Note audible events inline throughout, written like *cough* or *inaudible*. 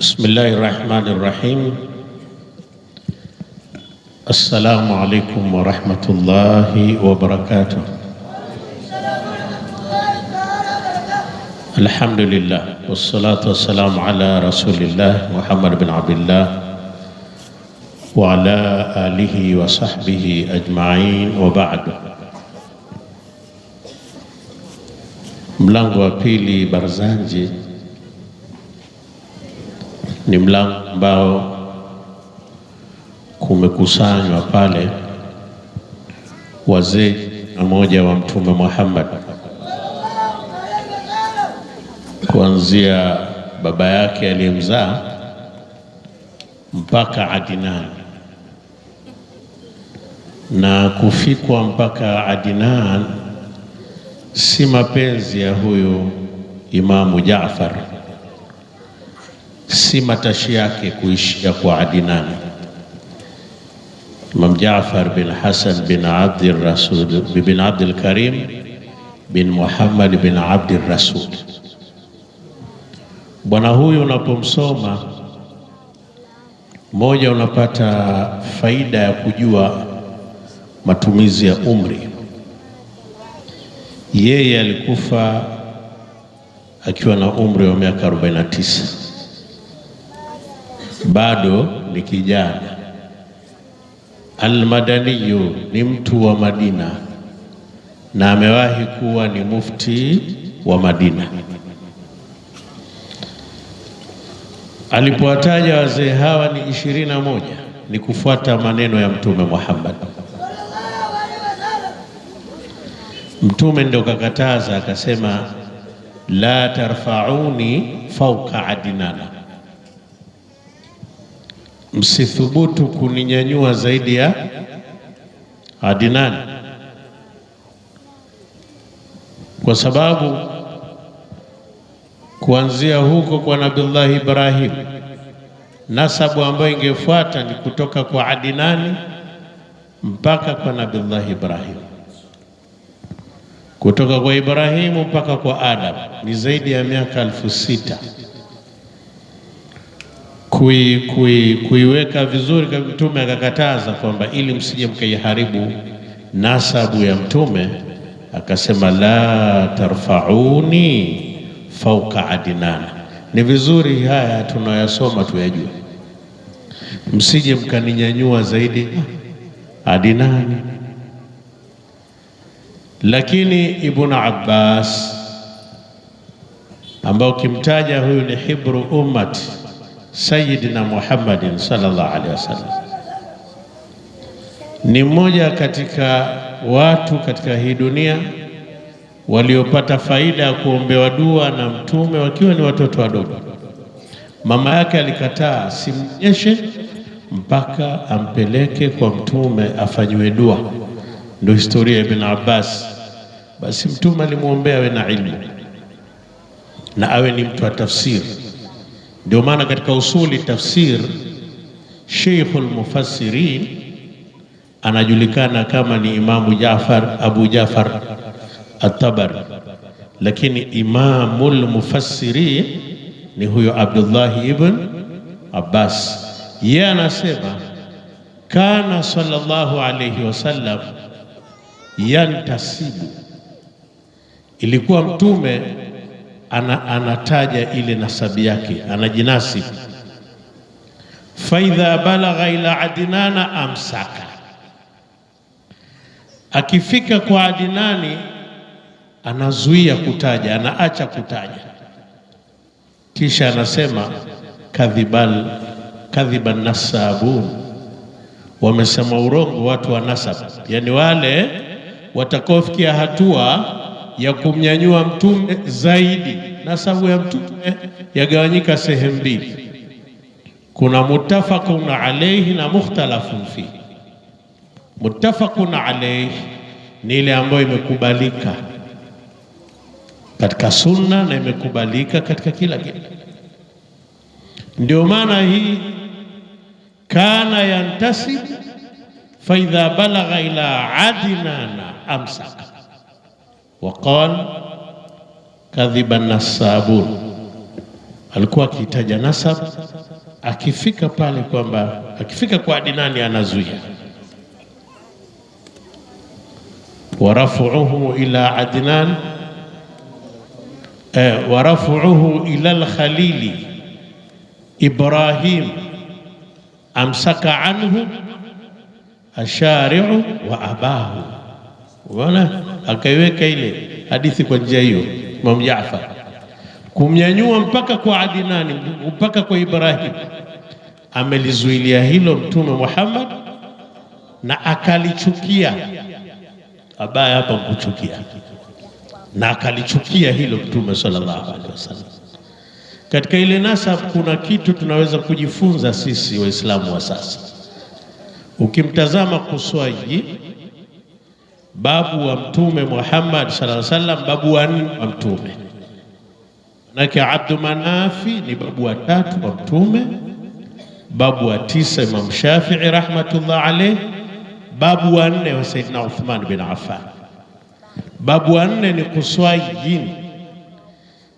بسم الله الرحمن الرحيم السلام عليكم ورحمة الله وبركاته الحمد لله والصلاة والسلام على رسول الله محمد بن عبد الله وعلى آله وصحبه أجمعين وبعد ملانغ وبيلي برزانجي ni mlango ambao kumekusanywa pale wazee na moja wa Mtume Muhammad kuanzia baba yake aliyemzaa mpaka adinan na kufikwa mpaka adinan si mapenzi ya huyu Imamu Jaafar si matashi yake kuishia kwa Adnan. Imam Jaafar bin Hasan bin Abdul Rasul bin Abdul Karim bin Muhammad bin Abdul Rasul, bwana huyu unapomsoma moja, unapata faida ya kujua matumizi ya umri. Yeye alikufa akiwa na umri wa miaka 49 bado ni kijana. Almadaniyu ni mtu wa Madina na amewahi kuwa ni mufti wa Madina. Alipowataja wazee hawa ni ishirini na moja ni kufuata maneno ya Mtume Muhammad. Mtume ndio kakataza akasema, la tarfauni fauka adinana msithubutu kuninyanyua zaidi ya hadi nani? Kwa sababu kuanzia huko kwa Nabillahi Ibrahim, nasabu ambayo ingefuata ni kutoka kwa Adinani mpaka kwa Nabillahi Ibrahim, kutoka kwa Ibrahimu mpaka kwa Adam ni zaidi ya miaka elfu sita kui, kui, kuiweka vizuri. Mtume akakataza kwamba ili msije mkaiharibu nasabu ya Mtume, akasema la tarfauni fauka adinana. Ni vizuri haya tunayasoma tuyajua, msije mkaninyanyua zaidi ah, adinani. Lakini Ibn Abbas ambao kimtaja huyu ni hibru ummati Sayyidina Muhammadin sallallahu alaihi wasallam. Ni mmoja katika watu katika hii dunia waliopata faida ya kuombewa dua na mtume wakiwa ni watoto wadogo. Mama yake alikataa simnyeshe mpaka ampeleke kwa mtume afanyiwe dua, ndio historia ya Ibn Abbas. Basi mtume alimwombea awe na ilmu na awe ni mtu wa tafsiri ndio maana katika usuli tafsir, Sheikhul Mufassirin anajulikana kama ni Imamu Jafar, Abu Jaafar At-Tabari, lakini Imamul Mufassirin ni huyo Abdullah ibn Abbas. Yeye anasema kana sallallahu alayhi wasallam yantasibu, ilikuwa mtume ana, anataja ile nasabi yake anajinasi, faidha balagha ila adinana amsaka, akifika kwa Adinani anazuia kutaja, anaacha kutaja, kisha anasema kadhibal kadhiban nasabun, wamesema urongo watu wa nasab, yani wale watakaofikia hatua ya kumnyanyua mtume zaidi. Nasabu ya mtume yagawanyika sehemu mbili, kuna muttafaqun alayhi na mukhtalafun fi. Muttafaqun alayhi ni ile ambayo imekubalika katika sunna na imekubalika katika kila kitu. Ndio maana hii kana yantasib faidha balagha ila adinana amsaka وقال kadhiba nasabun, alikuwa akitaja nasab akifika pale kwamba akifika kwa Adinani anazuia warafuuhu ila Adnan eh, warafuuhu ila lkhalili Ibrahim amsaka anhu ashariu wa abahu umeona akaiweka ile hadithi kwa njia hiyo. Imam Jaafar kumnyanyua mpaka kwa Adinani mpaka kwa Ibrahim, amelizuilia hilo Mtume Muhammad na akalichukia. Abaya hapa kuchukia na akalichukia hilo Mtume sallallahu alaihi wasallam. Katika ile nasab kuna kitu tunaweza kujifunza sisi Waislamu wa sasa, ukimtazama kuswaji babu wa Mtume Muhammad sallallahu alaihi wasallam, babu wanne wa Mtume. Manake Abdu Manafi ni babu wa tatu wa Mtume, babu wa tisa Imam Shafi'i rahmatullah alayh, babu wa nne wa Sayyidina Uthman bin Affan, babu wa nne ni kuswai jini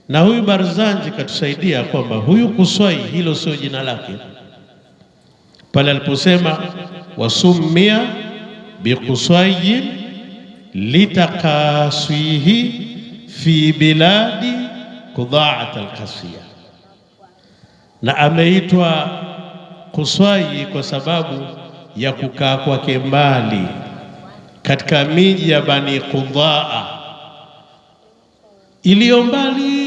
Na huyu Barzanji katusaidia kwamba huyu Kuswai hilo sio jina lake pale aliposema wasumia bikuswayi litakaswihi fi biladi kudhaat alkaswiya, na ameitwa kuswai kwa sababu ya kukaa kwake mbali katika miji ya Bani Qudhaa iliyo mbali.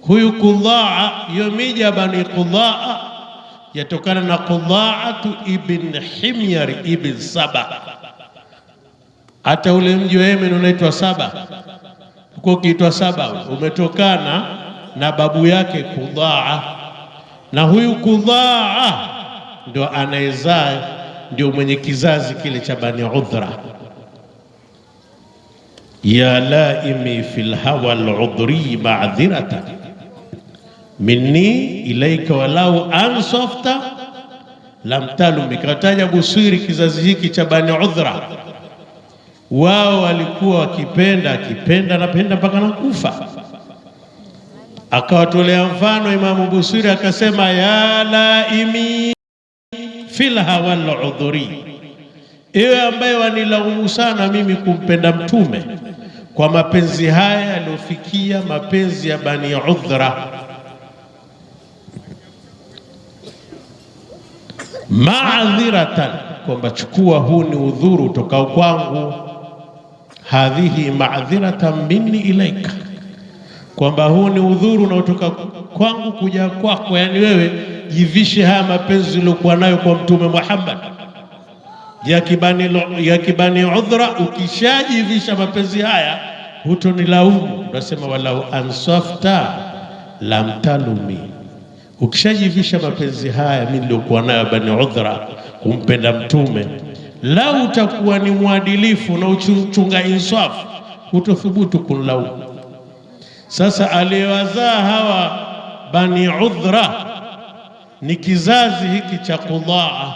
Huyu Kudhaa, hiyo miji ya Bani Qudhaa yatokana na kudhaatu ibn Himyar ibn Saba hata ule mji wa Yemen unaitwa Saba, uko ukiitwa Saba umetokana na babu yake Kudhaa, na huyu Kudhaa ndio anayezaa, ndio mwenye kizazi kile cha Bani Udhra. ya laimi fil hawa al-udhri ma'dhirata minni ilaika walau ansofta talu mikataja Busiri kizazi hiki cha Bani Udhra wao walikuwa wakipenda akipenda napenda mpaka nakufa. Akawatolea mfano Imamu Busiri akasema, ya laimi filha wal udhuri, ewe ambaye wanilaumu sana mimi kumpenda Mtume kwa mapenzi haya yaliyofikia mapenzi ya Bani Udhra, maadhiratan, kwamba chukua huu ni udhuru utokao kwangu hadhihi ma'dhiratan minni ilaika, kwamba huu ni udhuru unaotoka kwangu kuja kwako yani wewe jivishe haya mapenzi uliokuwa nayo kwa Mtume Muhammad ya kibani, ya kibani udhra. Ukishajivisha mapenzi haya huto ni laumu unasema walau ansafta lamtalumi. Ukishajivisha mapenzi haya mimi niliokuwa nayo bani udhra kumpenda Mtume lau utakuwa ni mwadilifu na uchunga insafu, hutothubutu kunlaumu. Sasa aliyewazaa hawa Bani Udhra ni kizazi hiki cha Qudaa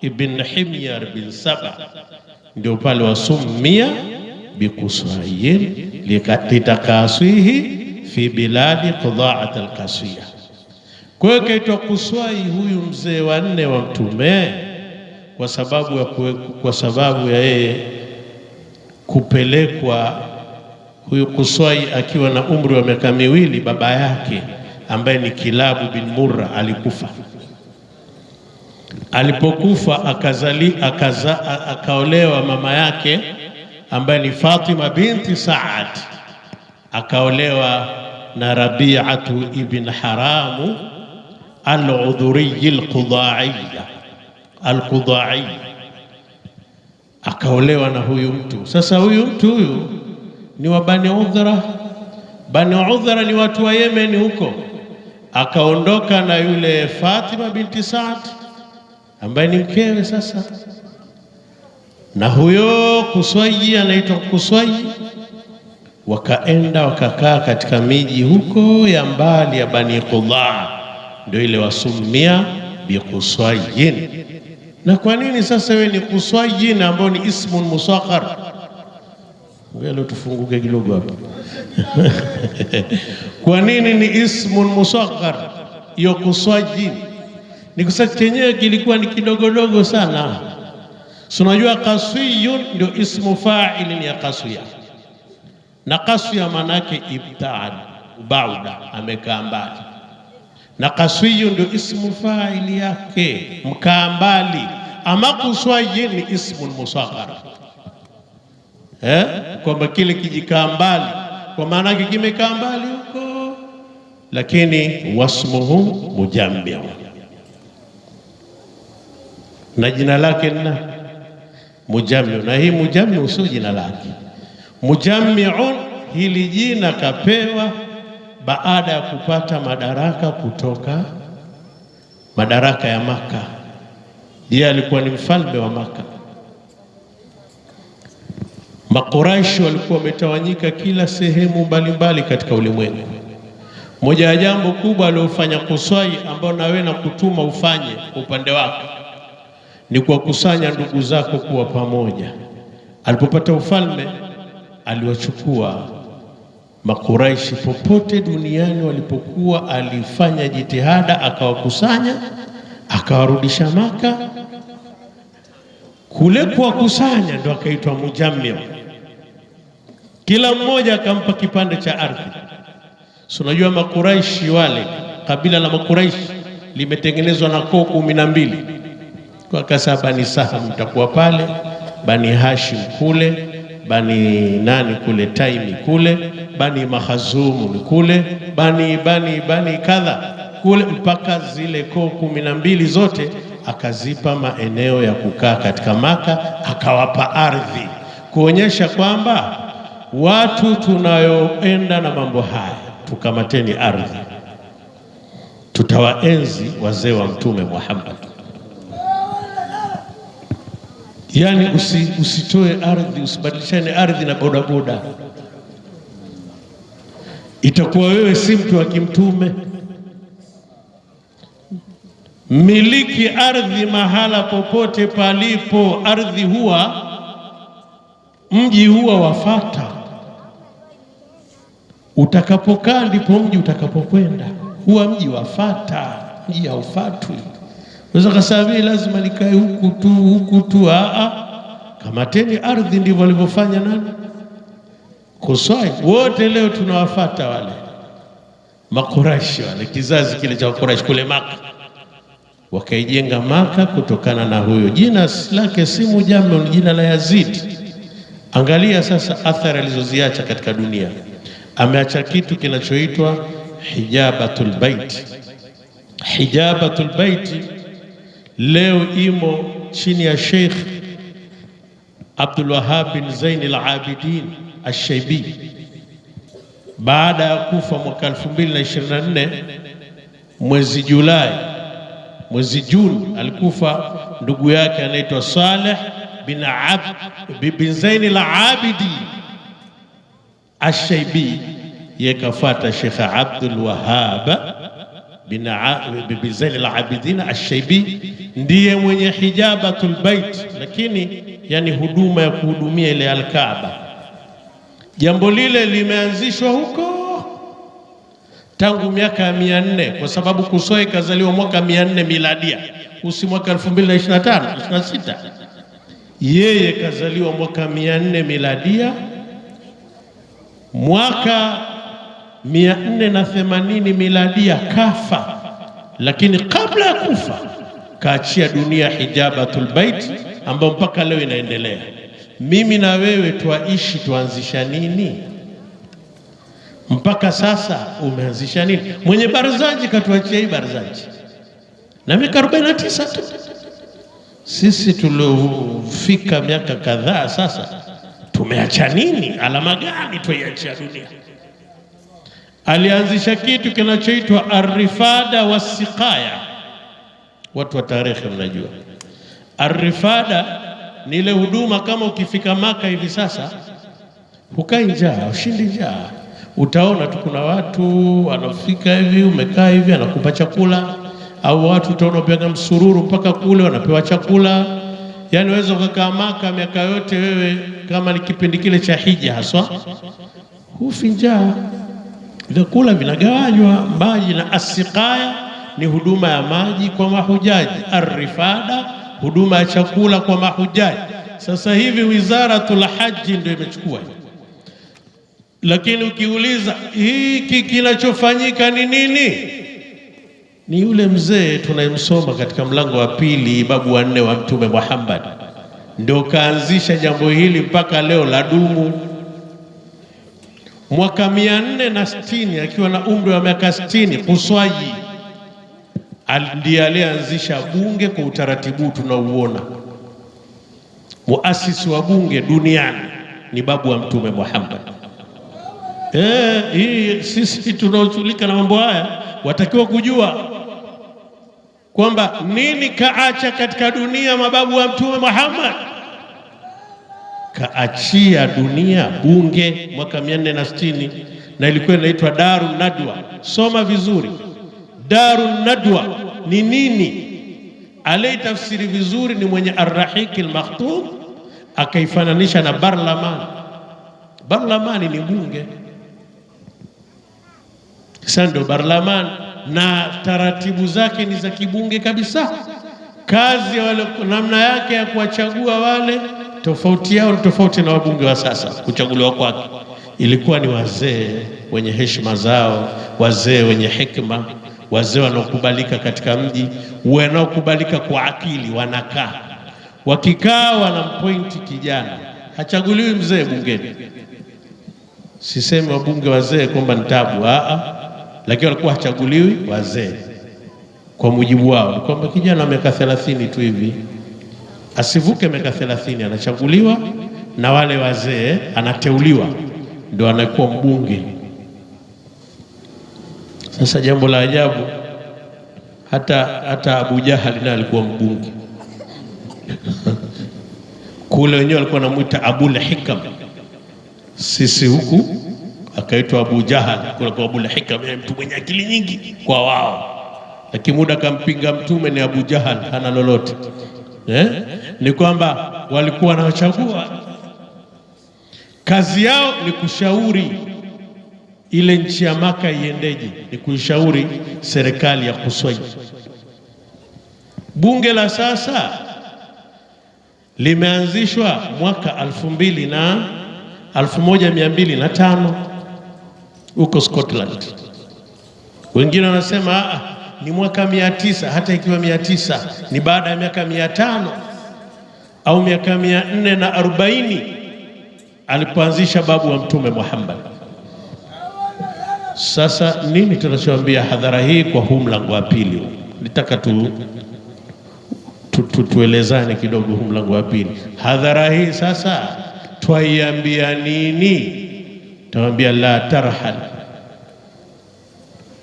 ibn Himyar bin Saba, ndio pale wasumia bikuswayin litakaswihi fi biladi Qudhaat alkaswiya. Kwa hiyo kaitwa Kuswai huyu mzee wa nne wa Mtume kwa sababu ya kwe, kwa sababu ya yeye kupelekwa huyu Kuswai akiwa na umri wa miaka miwili, baba yake ambaye ni Kilabu bin Murra alikufa. Alipokufa akazali, akaza, akaolewa mama yake ambaye ni Fatima binti Saad, akaolewa na Rabiatu ibn Haramu al udhuri al-Qudaiya Alqudai akaolewa na huyu mtu. Sasa huyu mtu huyu ni wa Bani Udhra. Bani Udhra ni watu wa Yemen huko. Akaondoka na yule Fatima binti Saad ambaye ni mkewe sasa, na huyo Kuswayi anaitwa Kuswayi. Wakaenda wakakaa katika miji huko ya mbali ya Bani Qudaa, ndio ile wasumia bikuswayin na kwa nini sasa wewe ni kuswajin ambao ni ismun musakhar? Leo tufunguke kidogo hapa *laughs* kwa nini ni ismun musakhar? Hiyo kuswajin ni sababu chenyewe kilikuwa ni kidogodogo sana. Si unajua kaswiyun ndio ismu fa'ilin ya kaswiya, na kaswiya maana yake ibtaad, bauda, amekaa mbali na kaswiyu ndio ismu faili yake, mkaa mbali. Ama kuswayi ni ismu musaghar eh, kwamba kile kijikaa mbali, kwa maana yake kimekaa mbali huko, lakini wasmuhu mujambiu, na jina lake na mujambiu. Na hii mujambiu sio jina lake mujamiun hili jina kapewa baada ya kupata madaraka kutoka madaraka ya Maka. Yeye alikuwa ni mfalme wa Maka. Makuraishi walikuwa wametawanyika kila sehemu mbalimbali katika ulimwengu. Moja ya jambo kubwa aliofanya Kuswai, ambao nawe na kutuma ufanye kwa upande wako, ni kuwakusanya ndugu zako kuwa pamoja. Alipopata ufalme aliwachukua Makuraishi popote duniani walipokuwa, alifanya jitihada akawakusanya, akawarudisha Maka. Kule kuwakusanya ndo akaitwa mujammiu, kila mmoja akampa kipande cha ardhi. Si unajua Makuraishi wale, kabila la Makuraishi limetengenezwa na koo kumi na mbili kwa kasa, Bani Saham mtakuwa pale, Bani Hashim kule Bani nani kule Taimi kule Bani Mahazumu kule Bani Bani Bani kadha kule mpaka zile koo kumi na mbili zote akazipa maeneo ya kukaa katika Maka, akawapa ardhi kuonyesha kwamba watu tunayoenda na mambo haya, tukamateni ardhi, tutawaenzi wazee wa Mtume Muhammad. yani usi, usitoe ardhi, usibadilishane ardhi na bodaboda. Itakuwa wewe si mtu wa kimtume. Miliki ardhi mahala popote palipo. Ardhi huwa mji huwa wafata, utakapokaa ndipo mji utakapokwenda. Huwa mji wafata, mji haufatwi. Unaweza kusema lazima nikae huku tu huku tu. Aa, ah, ah. kamateni ardhi, ndivyo walivyofanya nani Kuswai. Wote leo tunawafata wale Makuraishi, wale kizazi kile cha Makuraishi kule Maka, wakaijenga Maka kutokana na huyo. Jina lake si Mujamil, jina la yazid Angalia sasa athari alizoziacha katika dunia. Ameacha kitu kinachoitwa hijabatul baiti, hijabatul baiti leo imo chini ya Sheikh Abdul Wahhab bin Zain al-Abidin al-Shaybi baada ya kufa mwaka 2024 mwezi Julai, mwezi Juni alikufa ndugu yake anaitwa Saleh bin Abd bin Zain al-Abidin al-Shaybi, yekafata Sheikh Abdul Wahhab Bibi Zain al-Abidin ndiye mwenye hijabatul bait, lakini yani huduma ya kuhudumia ile alkaaba Jambo lile limeanzishwa huko tangu miaka ya mia nne kwa sababu Kusoe ikazaliwa mwaka mia nne miladia, usi mwaka 2025 26 yeye kazaliwa mwaka mia nne miladia mwaka mia nne na themanini miladia kafa, lakini kabla ya kufa kaachia dunia hijabatul bait ambayo mpaka leo inaendelea. Mimi na wewe twaishi, tuanzisha nini? Mpaka sasa umeanzisha nini? Mwenye barzaji katuachia hii barzaji na miaka 49 tu. Sisi tuliofika miaka kadhaa sasa tumeacha nini? Alama gani twaiachia dunia? alianzisha kitu kinachoitwa Arifada Wasikaya. Watu wa tarehe mnajua Arifada ni ile huduma, kama ukifika Maka hivi sasa hukai njaa, ushindi njaa. Utaona tu kuna watu wanafika hivi, umekaa hivi, anakupa chakula, au watu utaona upiga msururu mpaka kule wanapewa chakula. yani waweza ukakaa Maka miaka yote wewe, kama ni kipindi kile cha hija haswa, hufi njaa Vyakula vinagawanywa, maji na asikaya ni huduma ya maji kwa mahujaji, arifada huduma ya chakula kwa mahujaji. Sasa hivi Wizaratul Haji ndio imechukua, lakini ukiuliza hiki kinachofanyika ni nini, ni yule mzee tunayemsoma katika mlango wa pili babu wa nne wa Mtume Muhammad ndio kaanzisha jambo hili mpaka leo la dumu mwaka mia nne na sitini akiwa na umri wa miaka sitini Kuswaji ndiye aliyeanzisha bunge kwa utaratibu tunauona. Muasisi wa bunge duniani ni babu wa Mtume Muhammad. Eh, hii sisi tunaoshughulika na mambo haya watakiwa kujua kwamba nini kaacha katika dunia mababu wa Mtume Muhammad kaachia dunia bunge mwaka 460 na na ilikuwa inaitwa Darun Nadwa. Soma vizuri, Darun Nadwa ni nini? aliyetafsiri vizuri ni mwenye Arrahiki Almakhtum, akaifananisha na barlaman. Barlamani ni bunge, sasa ndio na taratibu zake ni za kibunge kabisa. Kazi ya wale, namna yake ya kuwachagua wale Tofauti yao ni tofauti na wabunge wa sasa. Kuchaguliwa kwake ilikuwa ni wazee wenye heshima zao, wazee wenye hekima, wazee wanaokubalika katika mji, wanaokubalika kwa akili. Wanakaa wakikaa, wanampointi kijana, hachaguliwi mzee bungeni. Sisemi wabunge wazee kwamba ni tabu, lakini walikuwa hachaguliwi wazee kwa mujibu wao kwamba kijana wa miaka 30 tu hivi asivuke miaka 30 anachaguliwa na wale wazee, eh, anateuliwa ndio anakuwa mbunge. Sasa jambo la ajabu, hata, hata Abu Jahali naye alikuwa mbunge *laughs* kule, wenyewe alikuwa anamwita Abul Hikam, sisi huku akaitwa Abu Jahal, kwa Abul Hikam, mtu mwenye akili nyingi kwa wao, lakini muda akampinga Mtume ni Abu Jahal, hana lolote eh? Ni kwamba walikuwa wanaochagua kazi yao ni kushauri ile nchi ya Maka iendeje, ni kuishauri serikali ya Kuswai. Bunge la sasa limeanzishwa mwaka alfu mbili na alfu moja mia mbili na tano huko Scotland. Wengine wanasema ah, ni mwaka mia tisa hata ikiwa mia tisa ni baada ya miaka mia tano au miaka mia nne na arobaini alipoanzisha babu wa Mtume Muhammad. Sasa nini tunachoambia hadhara hii kwa huu mlango wa pili? Nitaka tu, tu, tu tuelezane kidogo huu mlango wa pili. Hadhara hii sasa twaiambia nini? Tawambia la tarhal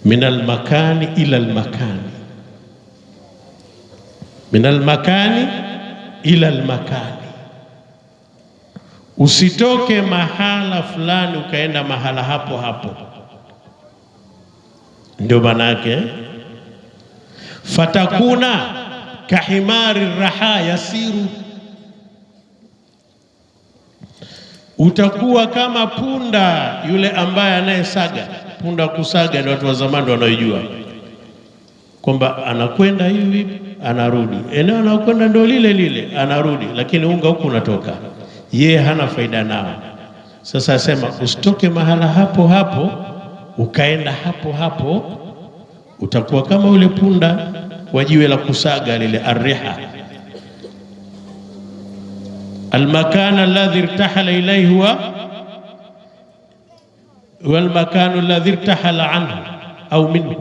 minal makani ila almakani, minal makani ila almakani. Usitoke mahala fulani ukaenda mahala hapo hapo. Ndio maana yake eh? fatakuna kahimari raha yasiru, utakuwa kama punda yule ambaye anayesaga punda kusaga ni watu wa zamani wanaojua kwamba anakwenda hivi anarudi, eneo anakwenda ndio lile lile anarudi, lakini unga huku unatoka, yeye hana faida nao. Sasa asema usitoke mahala hapo hapo ukaenda hapo hapo, utakuwa kama ule punda wa jiwe la kusaga lile arriha almakana alladhi irtahala ilaihi huwa wal makanu alladhi irtahala anhu au minhu,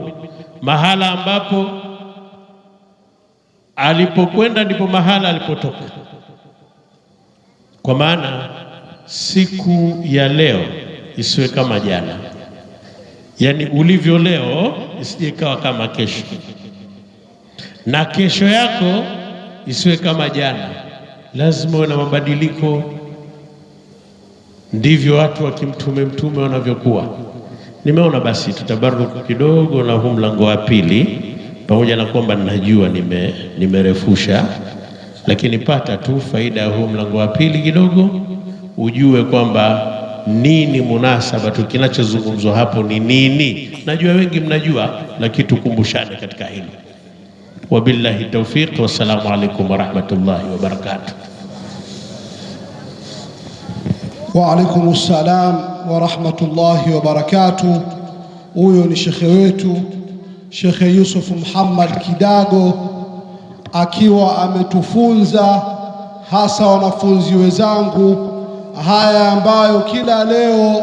mahala ambapo alipokwenda ndipo mahala alipotoka. Kwa maana siku ya leo isiwe kama jana, yaani ulivyo leo isije ikawa kama kesho, na kesho yako isiwe kama jana. Lazima uwe na mabadiliko ndivyo watu wakimtume mtume wanavyokuwa. Nimeona basi tutabaruku kidogo na huu mlango wa pili, pamoja na kwamba ninajua nime nimerefusha, lakini pata tu faida ya huu mlango wa pili kidogo, ujue kwamba nini munasaba tu kinachozungumzwa hapo ni nini. Najua wengi mnajua, lakini tukumbushane katika hilo. Wabillahi taufiq, wassalamu alaikum warahmatullahi wabarakatuh. Wa alaikum wa rahmatullahi wa barakatuh. Huyo ni shekhe wetu Shekhe Yusuf Muhammad Kidago akiwa ametufunza hasa wanafunzi wenzangu haya ambayo kila leo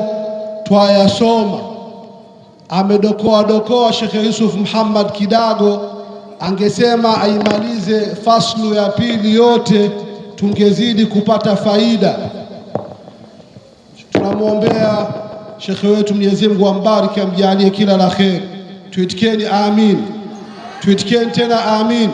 twayasoma. Amedokoa dokoa Shekhe Yusuf Muhammad Kidago, angesema aimalize faslu ya pili yote tungezidi kupata faida tunamwombea shekhe wetu, Mwenyezi Mungu ambariki, amjalie kila la kheri. Tuitikeni amin, tuitikeni tena amin.